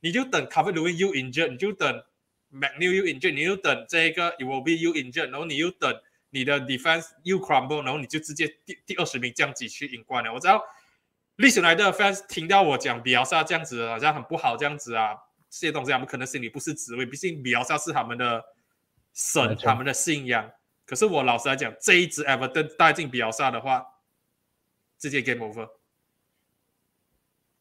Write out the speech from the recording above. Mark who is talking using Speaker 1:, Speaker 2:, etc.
Speaker 1: 你就等 Calvert-Lewin you injured，你就等 McNeil you injured，你就等這個個 Iwobi you injured，然後你又等你的 defense you crumble，然後你就直接第第二十名降級去英冠了。我知道列斯來的 fans 聽到我講比亞薩這樣子，好像很不好，這樣子啊，這些東西，他們可能心裏不是滋味。畢竟比亞薩是他們的神，冇錯。他們的信仰。可是我老實來講，這一支 Everton 帶進比亞薩的話，直接 game over。